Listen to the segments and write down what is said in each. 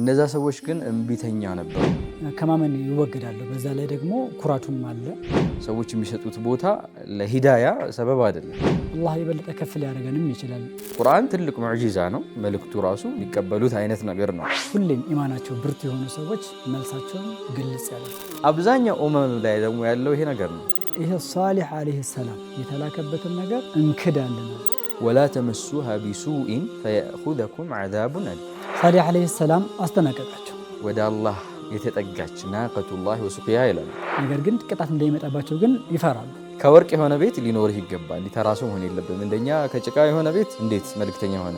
እነዛ ሰዎች ግን እምቢተኛ ነበሩ። ከማመን ይወገዳሉ። በዛ ላይ ደግሞ ኩራቱም አለ። ሰዎች የሚሰጡት ቦታ ለሂዳያ ሰበብ አይደለም። አላህ የበለጠ ከፍ ሊያደርገንም ይችላል። ቁርአን ትልቅ ሙዕጂዛ ነው። መልእክቱ ራሱ የሚቀበሉት አይነት ነገር ነው። ሁሌም ኢማናቸው ብርቱ የሆኑ ሰዎች መልሳቸውን ግልጽ ያለ። አብዛኛው ኡመም ላይ ደግሞ ያለው ይሄ ነገር ነው። ይሄ ሷሊሕ ዓለይሂ ሰላም የተላከበትን ነገር እንክዳለን። ወላ ተመሱሃ ቢሱኢን ፈየእኹዘኩም ዓዛቡን አሊም ሳሌሕ ዓለይሂ ሰላም አስጠናቀቃቸው። ወደ አላህ የተጠጋች ላ ወሱቅያሃ ይላሉ። ነገር ግን ቅጣት እንደሚመጣባቸው ግን ይፈራሉ። ከወርቅ የሆነ ቤት ሊኖርህ ይገባል። ሊተራሱ መሆን የለብም። እንደኛ ከጭቃ የሆነ ቤት እንዴት መልክተኛ ሆነ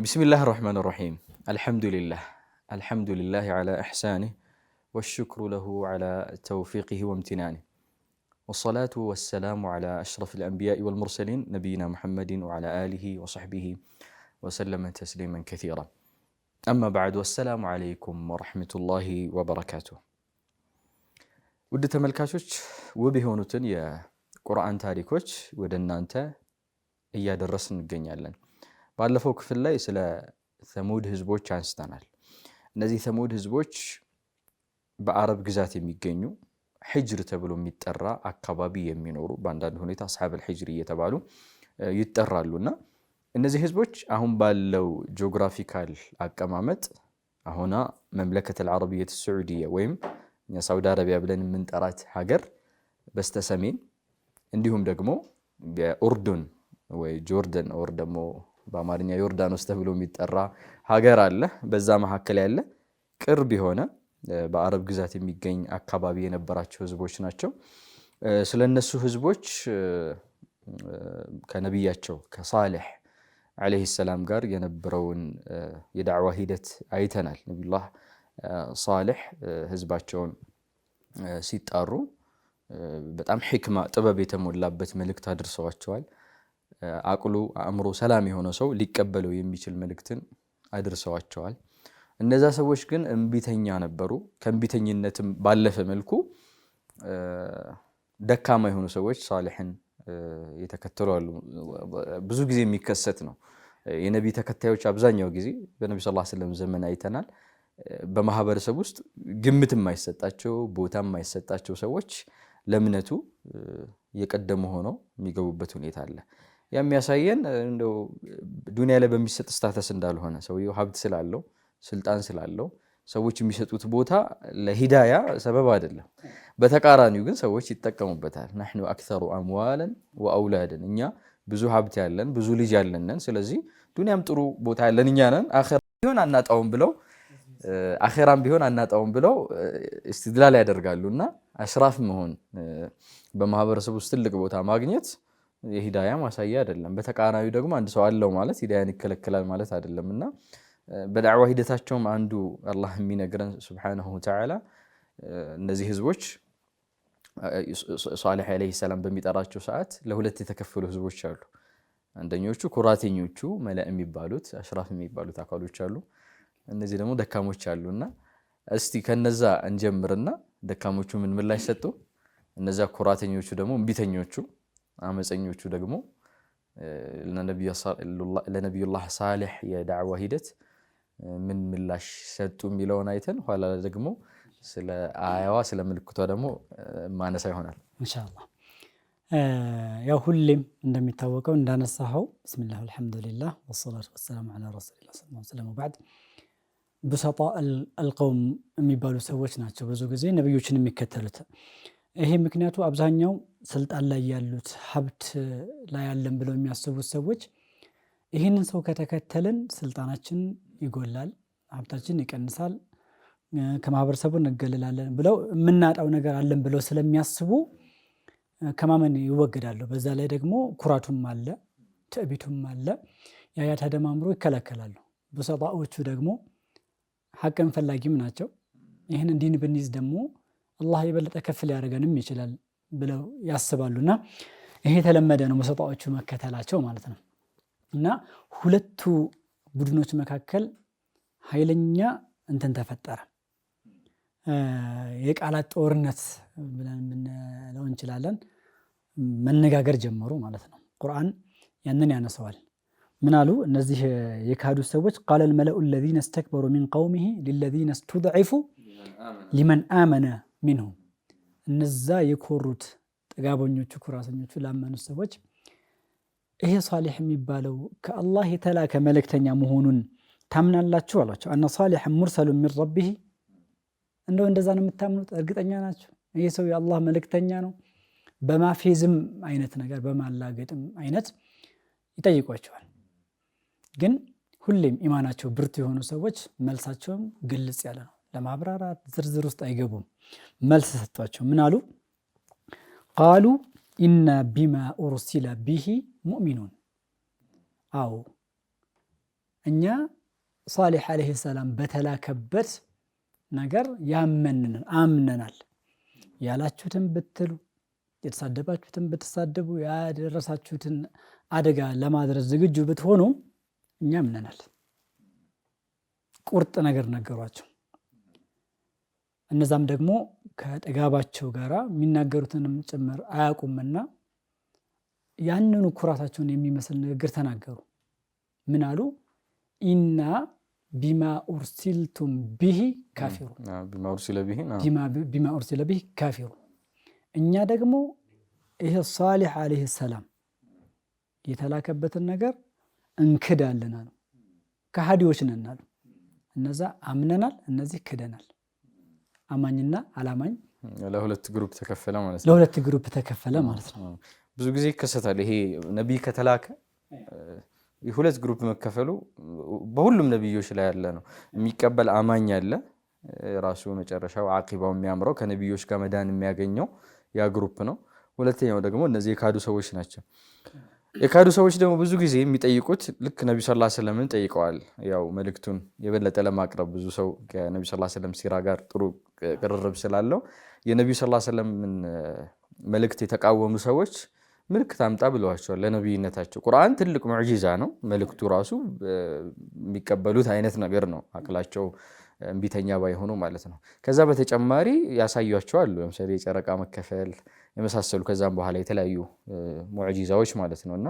بسم الله الرحمن الرحيم الحمد لله الحمد لله على إحسانه والشكر له على توفيقه وامتنانه والصلاة والسلام على أشرف الأنبياء والمرسلين نبينا محمد وعلى آله وصحبه وسلم تسليما كثيرا أما بعد والسلام عليكم ورحمة الله وبركاته ود تملكاتوች ውብ የሆኑትን የቁርአን ታሪኮች ወደ እናንተ እያደረስን እንገኛለን ባለፈው ክፍል ላይ ስለ ተሙድ ህዝቦች አንስተናል። እነዚህ ተሙድ ህዝቦች በአረብ ግዛት የሚገኙ ሂጅር ተብሎ የሚጠራ አካባቢ የሚኖሩ በአንዳንድ ሁኔታ አስሓበል ሂጅር እየተባሉ ይጠራሉ እና እነዚህ ህዝቦች አሁን ባለው ጂኦግራፊካል አቀማመጥ አሁና መምለከተል ዓረቢየት ስዑዲየ ወይም ሳውዲ አረቢያ ብለን የምንጠራት ሀገር በስተሰሜን እንዲሁም ደግሞ የኡርዱን ወይ ጆርደን ኦር ደግሞ በአማርኛ ዮርዳኖስ ተብሎ የሚጠራ ሀገር አለ። በዛ መካከል ያለ ቅርብ የሆነ በአረብ ግዛት የሚገኝ አካባቢ የነበራቸው ህዝቦች ናቸው። ስለ እነሱ ህዝቦች ከነቢያቸው ከሳሌሕ ዓለይሂ ሰላም ጋር የነበረውን የዳዕዋ ሂደት አይተናል። ነቢዩላህ ሳሌሕ ህዝባቸውን ሲጣሩ በጣም ሕክማ ጥበብ የተሞላበት መልእክት አድርሰዋቸዋል። አቅሉ አእምሮ ሰላም የሆነ ሰው ሊቀበለው የሚችል መልእክትን አድርሰዋቸዋል። እነዛ ሰዎች ግን እምቢተኛ ነበሩ። ከእምቢተኝነትም ባለፈ መልኩ ደካማ የሆኑ ሰዎች ሳሊሕን የተከተሉ አሉ። ብዙ ጊዜ የሚከሰት ነው። የነቢ ተከታዮች አብዛኛው ጊዜ በነቢ ስ ስለም ዘመን አይተናል። በማህበረሰብ ውስጥ ግምት የማይሰጣቸው ቦታ የማይሰጣቸው ሰዎች ለእምነቱ የቀደሙ ሆነው የሚገቡበት ሁኔታ አለ። የሚያሳየን እንደው ዱኒያ ላይ በሚሰጥ ስታተስ እንዳልሆነ ሰውየው ሀብት ስላለው ስልጣን ስላለው ሰዎች የሚሰጡት ቦታ ለሂዳያ ሰበብ አይደለም። በተቃራኒው ግን ሰዎች ይጠቀሙበታል። ናሕኑ አክተሩ አምዋለን ወአውላድን እኛ ብዙ ሀብት ያለን ብዙ ልጅ ያለንን፣ ስለዚህ ዱኒያም ጥሩ ቦታ ያለን እኛ ነን፣ ቢሆን አናጣውም ብለው አኼራም ቢሆን አናጣውም ብለው እስትድላል ያደርጋሉ እና አሽራፍ መሆን በማህበረሰብ ውስጥ ትልቅ ቦታ ማግኘት የሂዳያ ማሳያ አይደለም። በተቃራኒው ደግሞ አንድ ሰው አለው ማለት ሂዳያን ይከለከላል ማለት አይደለም እና በዳዕዋ ሂደታቸውም አንዱ አላህ የሚነግረን ስብሓነሁ ወተዓላ እነዚህ ህዝቦች ሷሊሕ ዓለይሂ ሰላም በሚጠራቸው ሰዓት ለሁለት የተከፈሉ ህዝቦች አሉ። አንደኞቹ ኩራተኞቹ መላእ የሚባሉት አሽራፍ የሚባሉት አካሎች አሉ። እነዚህ ደግሞ ደካሞች አሉ እና እስቲ ከነዛ እንጀምርና ደካሞቹ ምን ምላሽ ሰጡ? እነዚያ ኩራተኞቹ ደግሞ እምቢተኞቹ አመፀኞቹ ደግሞ ለነቢዩላህ ሳሌሕ የዳዕዋ ሂደት ምን ምላሽ ሰጡ የሚለውን አይተን ኋላ ደግሞ ስለ አያዋ ስለ ምልክቷ ደግሞ ማነሳ ይሆናል እንሻላ። ያው ሁሌም እንደሚታወቀው እንዳነሳኸው ብስሚላህ አልሐምዱሊላህ ወሰላቱ ወሰላሙ ዐላ ረሱሊላህ ሰለላሁ ዐለይሂ በዐድ ብሰጣ አልቀውም የሚባሉ ሰዎች ናቸው ብዙ ጊዜ ነቢዮችን የሚከተሉት ይሄ ምክንያቱ አብዛኛው ስልጣን ላይ ያሉት ሀብት ላይ ያለን ብለው የሚያስቡት ሰዎች ይህንን ሰው ከተከተልን ስልጣናችን ይጎላል፣ ሀብታችን ይቀንሳል፣ ከማህበረሰቡ እንገለላለን ብለው የምናጣው ነገር አለን ብለው ስለሚያስቡ ከማመን ይወገዳሉ። በዛ ላይ ደግሞ ኩራቱም አለ፣ ትዕቢቱም አለ። ያያ ተደማምሮ ይከላከላሉ። ብሰጣዎቹ ደግሞ ሀቅን ፈላጊም ናቸው። ይህን እንዲህን ብንይዝ ደግሞ አላህ የበለጠ ከፍ ሊያደርገንም ይችላል ብለው ያስባሉና ይሄ የተለመደ ነው መሰጣዎቹ መከተላቸው ማለት ነው። እና ሁለቱ ቡድኖች መካከል ኃይለኛ እንትን ተፈጠረ። የቃላት ጦርነት ብለን ምንለው እንችላለን። መነጋገር ጀመሩ ማለት ነው። ቁርአን ያንን ያነሰዋል። ምናሉ እነዚህ የካዱ ሰዎች? ቃለል ልመለኡ ለዚነ እስተክበሩ ሚን ቀውሚሂ ልለዚነ ስቱድዒፉ ሊመን አመነ ሚንሁ እነዛ የኮሩት ጥጋበኞቹ ኩራሰኞቹ ላመኑት ሰዎች ይሄ ሷሊሕ የሚባለው ከአላህ የተላከ መልእክተኛ መሆኑን ታምናላችሁ አሏቸው። አነ ሷሊሐን ሙርሰሉ ሚን ረቢህ እንደው እንደዛ ነው የምታምኑት? እርግጠኛ ናቸው ይሄ ሰው የአላህ መልእክተኛ ነው? በማፌዝም አይነት ነገር በማላገጥም አይነት ይጠይቋቸዋል። ግን ሁሌም ኢማናቸው ብርቱ የሆኑ ሰዎች መልሳቸውም ግልጽ ያለ ነው። ለማብራራት ዝርዝር ውስጥ አይገቡም። መልስ ሰጥቷቸው ምን አሉ? ቃሉ ኢና ቢማ ኡርሲለ ቢሂ ሙእሚኑን። አዎ እኛ ሳሌሕ ዓለይሂ ሰላም በተላከበት ነገር ያመንን አምነናል። ያላችሁትን ብትሉ የተሳደባችሁትን ብትሳደቡ ያደረሳችሁትን አደጋ ለማድረስ ዝግጁ ብትሆኑ እኛ አምነናል። ቁርጥ ነገር ነገሯቸው። እነዛም ደግሞ ከጥጋባቸው ጋር የሚናገሩትንም ጭምር አያውቁምና ያንኑ ኩራታቸውን የሚመስል ንግግር ተናገሩ። ምን አሉ? ኢና ቢማ ኡርሲልቱም ቢሂ ካፊሩ ቢማ ኡርሲለ ብሂ ካፊሩ። እኛ ደግሞ ይሄ ሷሊሕ ዓለይሂ ሰላም የተላከበትን ነገር እንክዳለን አሉ። ከሃዲዎች ነን አሉ። እነዛ አምነናል፣ እነዚህ ክደናል። አማኝና አላማኝ ለሁለት ግሩፕ ተከፈለ ማለት ነው። ለሁለት ግሩፕ ተከፈለ ማለት ነው። ብዙ ጊዜ ይከሰታል ይሄ ነቢይ ከተላከ ሁለት ግሩፕ መከፈሉ በሁሉም ነቢዮች ላይ ያለ ነው። የሚቀበል አማኝ አለ። ራሱ መጨረሻው አቂባው የሚያምረው ከነቢዮች ጋር መዳን የሚያገኘው ያ ግሩፕ ነው። ሁለተኛው ደግሞ እነዚህ የካዱ ሰዎች ናቸው። የካዱ ሰዎች ደግሞ ብዙ ጊዜ የሚጠይቁት ልክ ነቢዩ ሰለላሁ ዐለይሂ ጠይቀዋል። ያው መልእክቱን የበለጠ ለማቅረብ ብዙ ሰው ከነቢ ሰለላሁ ዐለይሂ ሲራ ጋር ጥሩ ቅርርብ ስላለው የነቢዩ ሰለላሁ ዐለይሂ ወሰለምን መልእክት የተቃወሙ ሰዎች ምልክት አምጣ ብለዋቸዋል ለነቢይነታቸው። ቁርአን ትልቅ ሙዕጂዛ ነው። መልእክቱ ራሱ የሚቀበሉት አይነት ነገር ነው አቅላቸው እምቢተኛ ባይሆኑ ማለት ነው። ከዛ በተጨማሪ ያሳያቸዋል። ለምሳሌ የጨረቃ መከፈል የመሳሰሉ ከዛም በኋላ የተለያዩ ሙዕጂዛዎች ማለት ነው። እና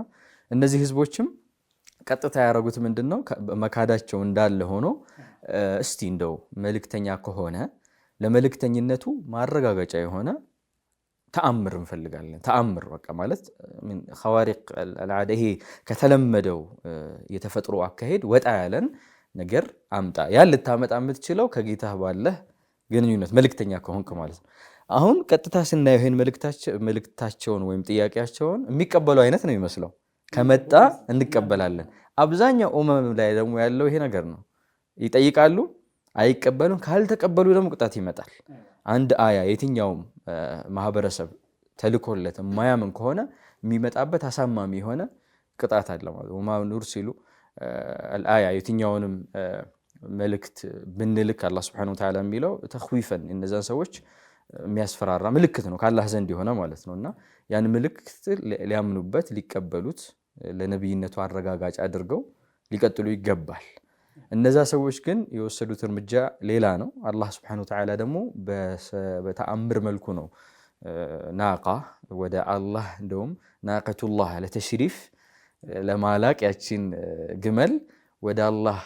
እነዚህ ህዝቦችም ቀጥታ ያደረጉት ምንድን ነው? መካዳቸው እንዳለ ሆኖ እስቲ እንደው መልእክተኛ ከሆነ ለመልእክተኝነቱ ማረጋገጫ የሆነ ተአምር እንፈልጋለን። ተአምር በቃ ማለት ኸዋሪቅ አልዓደ ይሄ ከተለመደው የተፈጥሮ አካሄድ ወጣ ያለን ነገር አምጣ። ያን ልታመጣ የምትችለው ከጌታ ባለህ ግንኙነት መልክተኛ ከሆንክ ማለት ነው። አሁን ቀጥታ ስናየው ይህን መልክታቸውን ወይም ጥያቄያቸውን የሚቀበሉ አይነት ነው የሚመስለው። ከመጣ እንቀበላለን። አብዛኛው ኡመም ላይ ደግሞ ያለው ይሄ ነገር ነው። ይጠይቃሉ፣ አይቀበሉም። ካልተቀበሉ ደግሞ ቅጣት ይመጣል። አንድ አያ የትኛውም ማህበረሰብ ተልኮለት የማያምን ከሆነ የሚመጣበት አሳማሚ የሆነ ቅጣት አለ ማለት ነው። ኑር ሲሉ አልአያ የትኛውንም መልእክት ብንልክ አላህ ስብሐነሁ ወተዓላ የሚለው ተኽዊፈን እነዚያን ሰዎች የሚያስፈራራ ምልክት ነው ከአላህ ዘንድ የሆነ ማለት ነው እና ያን ምልክት ሊያምኑበት ሊቀበሉት ለነቢይነቱ አረጋጋጭ አድርገው ሊቀጥሉ ይገባል። እነዛ ሰዎች ግን የወሰዱት እርምጃ ሌላ ነው። አላህ ስብሐነሁ ወተዓላ ደግሞ በተአምር መልኩ ነው ናቃ ወደ አላህ እንደውም ናቀቱላህ ለተሽሪፍ ለማላቅ ያቺን ግመል ወደ አላህ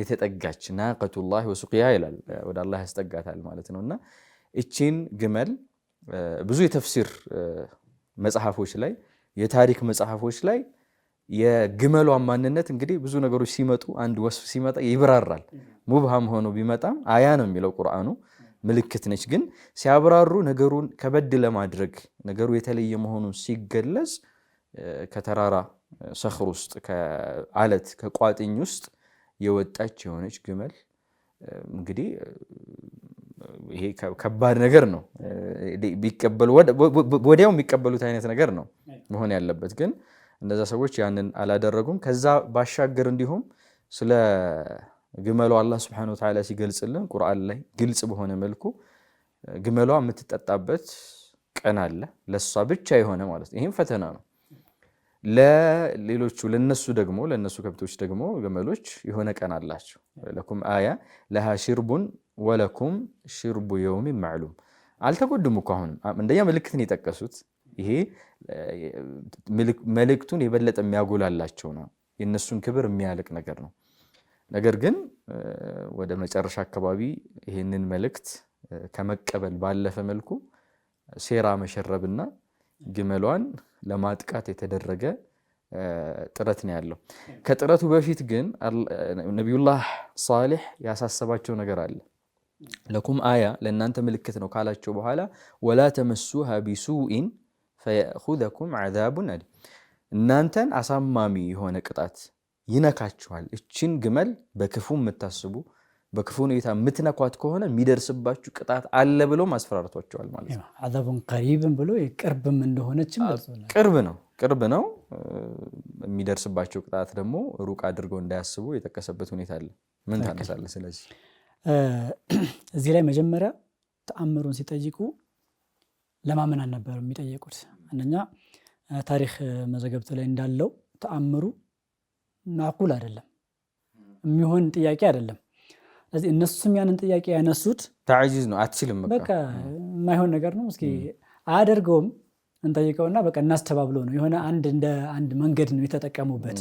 የተጠጋች ናቀቱላህ ወሱቅያ ይላል። ወደ አላህ ያስጠጋታል ማለት ነው። እና እቺን ግመል ብዙ የተፍሲር መጽሐፎች ላይ የታሪክ መጽሐፎች ላይ የግመሏን ማንነት እንግዲህ ብዙ ነገሮች ሲመጡ አንድ ወስፍ ሲመጣ ይብራራል። ሙብሃም ሆኖ ቢመጣም አያ ነው የሚለው ቁርአኑ፣ ምልክት ነች። ግን ሲያብራሩ ነገሩን ከበድ ለማድረግ ነገሩ የተለየ መሆኑን ሲገለጽ ከተራራ ሰክር ውስጥ ከአለት ከቋጥኝ ውስጥ የወጣች የሆነች ግመል እንግዲህ ይሄ ከባድ ነገር ነው። ቢቀበሉ ወዲያው የሚቀበሉት አይነት ነገር ነው መሆን ያለበት። ግን እነዛ ሰዎች ያንን አላደረጉም። ከዛ ባሻገር እንዲሁም ስለ ግመሉ አላህ ስብሐነሁ ወተዓላ ሲገልጽልን ቁርአን ላይ ግልጽ በሆነ መልኩ ግመሏ የምትጠጣበት ቀን አለ፣ ለእሷ ብቻ የሆነ ማለት ነው። ይህም ፈተና ነው። ለሌሎቹ ለነሱ ደግሞ ለነሱ ከብቶች ደግሞ ግመሎች የሆነ ቀን አላቸው። ለኩም አያ ለሃ ሽርቡን ወለኩም ሽርቡ የውም ማዕሉም። አልተጎዱም እኮ አሁን አንደኛ ምልክትን የጠቀሱት ይሄ መልእክቱን የበለጠ የሚያጎላላቸው ነው። የእነሱን ክብር የሚያልቅ ነገር ነው። ነገር ግን ወደ መጨረሻ አካባቢ ይህንን መልእክት ከመቀበል ባለፈ መልኩ ሴራ መሸረብና ግመሏን ለማጥቃት የተደረገ ጥረት ነው ያለው። ከጥረቱ በፊት ግን ነቢዩላህ ሷሊሕ ያሳሰባቸው ነገር አለ። ለኩም አያ ለእናንተ ምልክት ነው ካላቸው በኋላ ወላ ተመሱሃ ቢሱኢን ፈየእኹዘኩም ዐዛቡን አሊም፣ እናንተን አሳማሚ የሆነ ቅጣት ይነካችኋል። እችን ግመል በክፉ የምታስቡ በክፉ ሁኔታ የምትነኳት ከሆነ የሚደርስባችሁ ቅጣት አለ ብሎ ማስፈራርቷቸዋል ማለት ነው። አዛቡን ቀሪብን ብሎ ቅርብም እንደሆነችም ቅርብ ነው ቅርብ ነው። የሚደርስባቸው ቅጣት ደግሞ ሩቅ አድርገው እንዳያስቡ የጠቀሰበት ሁኔታ አለ። ምን ታነሳለህ? ስለዚህ እዚህ ላይ መጀመሪያ ተአምሩን ሲጠይቁ ለማመን አልነበረም የሚጠየቁት። አንደኛ ታሪክ መዘገብት ላይ እንዳለው ተአምሩ ማዕቁል አይደለም፣ የሚሆን ጥያቄ አይደለም ስለዚህ እነሱም ያንን ጥያቄ ያነሱት ተዓጂዝ ነው፣ አትችልም፣ በቃ የማይሆን ነገር ነው፣ እስኪ አያደርገውም እንጠይቀውና በቃ እናስተባብሎ ነው የሆነ አንድ እንደ አንድ መንገድ ነው የተጠቀሙበት።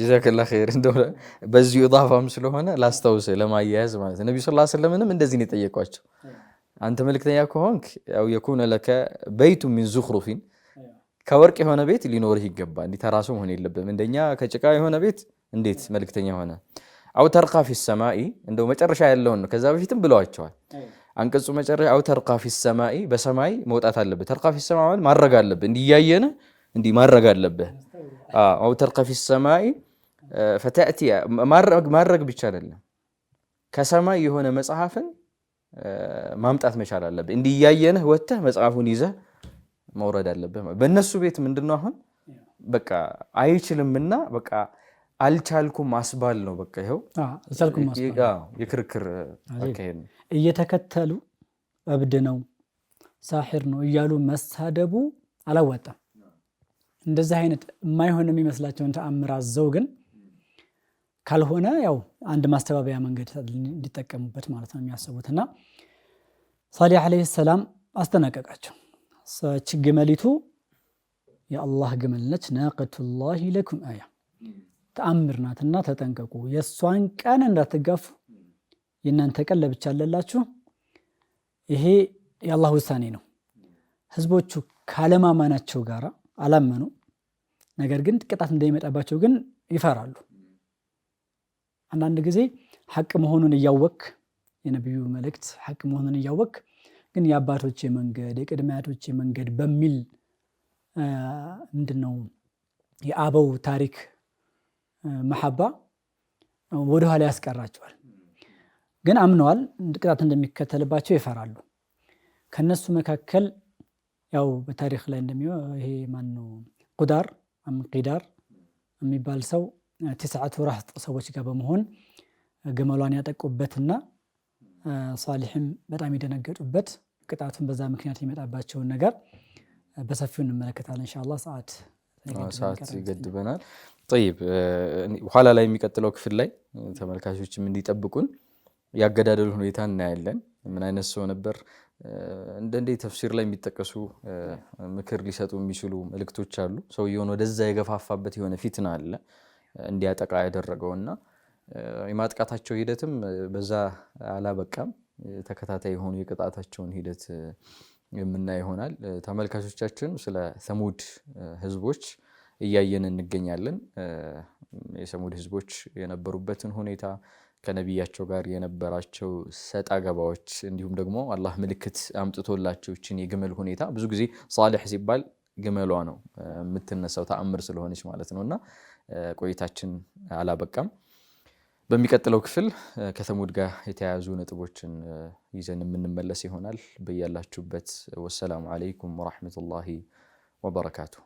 ጀዛከላ ኸይር። እንደው በዚሁ ኢዳፋም ስለሆነ ላስታውስ ለማያያዝ ማለት ነቢ ስ ሰለላሁ እንደዚህ ነው የጠየቋቸው። አንተ መልክተኛ ከሆንክ ያው የኩነ ለከ በይቱ ሚን ዙክሩፊን ከወርቅ የሆነ ቤት ሊኖርህ ይገባ። እንዲህ ተራሱ መሆን የለብም። እንደኛ ከጭቃ የሆነ ቤት እንዴት መልክተኛ ሆነ? አው ተርቃ ፊ ሰማኢ እንደው መጨረሻ ያለውን ነው። ከዛ በፊትም ብለዋቸዋል። አንቀጹ መጨረሻ አው ተርቃ ፊ ሰማኢ በሰማይ መውጣት አለብህ። ተርካ ፊ ሰማ ማለት ማድረግ አለብህ፣ እንዲያየን እንዲህ ማድረግ አለብህ። አው ተርቃ ፊ ሰማኢ ፈታእቲ ማድረግ ብቻ አይደለም፣ ከሰማይ የሆነ መጽሐፍን ማምጣት መቻል አለብህ። እንዲያየንህ ወጥተህ መጽሐፉን ይዘህ መውረድ አለብህ። በእነሱ ቤት ምንድነው አሁን በቃ አይችልምና በቃ አልቻልኩም ማስባል ነው። በቃ ይኸው የክርክር እየተከተሉ እብድ ነው ሳሒር ነው እያሉ መሳደቡ አላዋጣም። እንደዚህ አይነት የማይሆን የሚመስላቸውን ተአምር አዘው ግን ካልሆነ ያው አንድ ማስተባበያ መንገድ እንዲጠቀሙበት ማለት ነው የሚያስቡት እና ሷሊህ ዓለይሂ ሰላም አስጠነቀቃቸው። ግመሊቱ የአላህ ግመል ነች፣ ናቀቱላሂ ለኩም አያ ተአምር ናትና ተጠንቀቁ። የእሷን ቀን እንዳትጋፉ፣ የእናንተ ቀን ለብቻ አለላችሁ። ይሄ የአላህ ውሳኔ ነው። ህዝቦቹ ካለማማናቸው ጋር አላመኑ። ነገር ግን ቅጣት እንደሚመጣባቸው ግን ይፈራሉ። አንዳንድ ጊዜ ሀቅ መሆኑን እያወክ የነቢዩ መልእክት ሀቅ መሆኑን እያወክ ግን የአባቶች መንገድ የቅድመ አያቶች መንገድ በሚል ምንድን ነው የአበው ታሪክ መሐባ ወደኋላ ያስቀራቸዋል። ግን አምነዋል፣ ቅጣት እንደሚከተልባቸው ይፈራሉ። ከነሱ መካከል ያው በታሪክ ላይ ይሄ ማነው ቁዳር ቂዳር የሚባል ሰው ትስዓቱ ራህጥ ሰዎች ጋር በመሆን ግመሏን ያጠቁበትና ሷሊሕም በጣም የደነገጡበት ቅጣቱን በዛ ምክንያት የሚመጣባቸውን ነገር በሰፊው እንመለከታለን ኢንሻአላህ ሰዓት ሰዓት ይገድበናል። ጠይብ ኋላ ላይ የሚቀጥለው ክፍል ላይ ተመልካቾችም እንዲጠብቁን ያገዳደሉ ሁኔታ እናያለን። ምን አይነት ሰው ነበር? እንደንዴ ተፍሲር ላይ የሚጠቀሱ ምክር ሊሰጡ የሚችሉ መልእክቶች አሉ። ሰውየውን ወደዛ የገፋፋበት የሆነ ፊትና አለ እንዲያጠቃ እና የማጥቃታቸው ሂደትም በዛ አላበቃም። ተከታታይ የሆኑ የቅጣታቸውን ሂደት የምና ይሆናል። ተመልካቾቻችን ስለ ሰሙድ ህዝቦች እያየን እንገኛለን። የሰሙድ ህዝቦች የነበሩበትን ሁኔታ ከነቢያቸው ጋር የነበራቸው ሰጣ ገባዎች እንዲሁም ደግሞ አላህ ምልክት አምጥቶላቸው ይችን የግመል ሁኔታ ብዙ ጊዜ ሳሌሕ ሲባል ግመሏ ነው የምትነሳው፣ ተአምር ስለሆነች ማለት ነው። እና ቆይታችን አላበቃም። በሚቀጥለው ክፍል ከተሙድ ጋር የተያያዙ ነጥቦችን ይዘን የምንመለስ ይሆናል። በያላችሁበት ወሰላሙ አለይኩም ወራህመቱላሂ ወበረካቱሁ።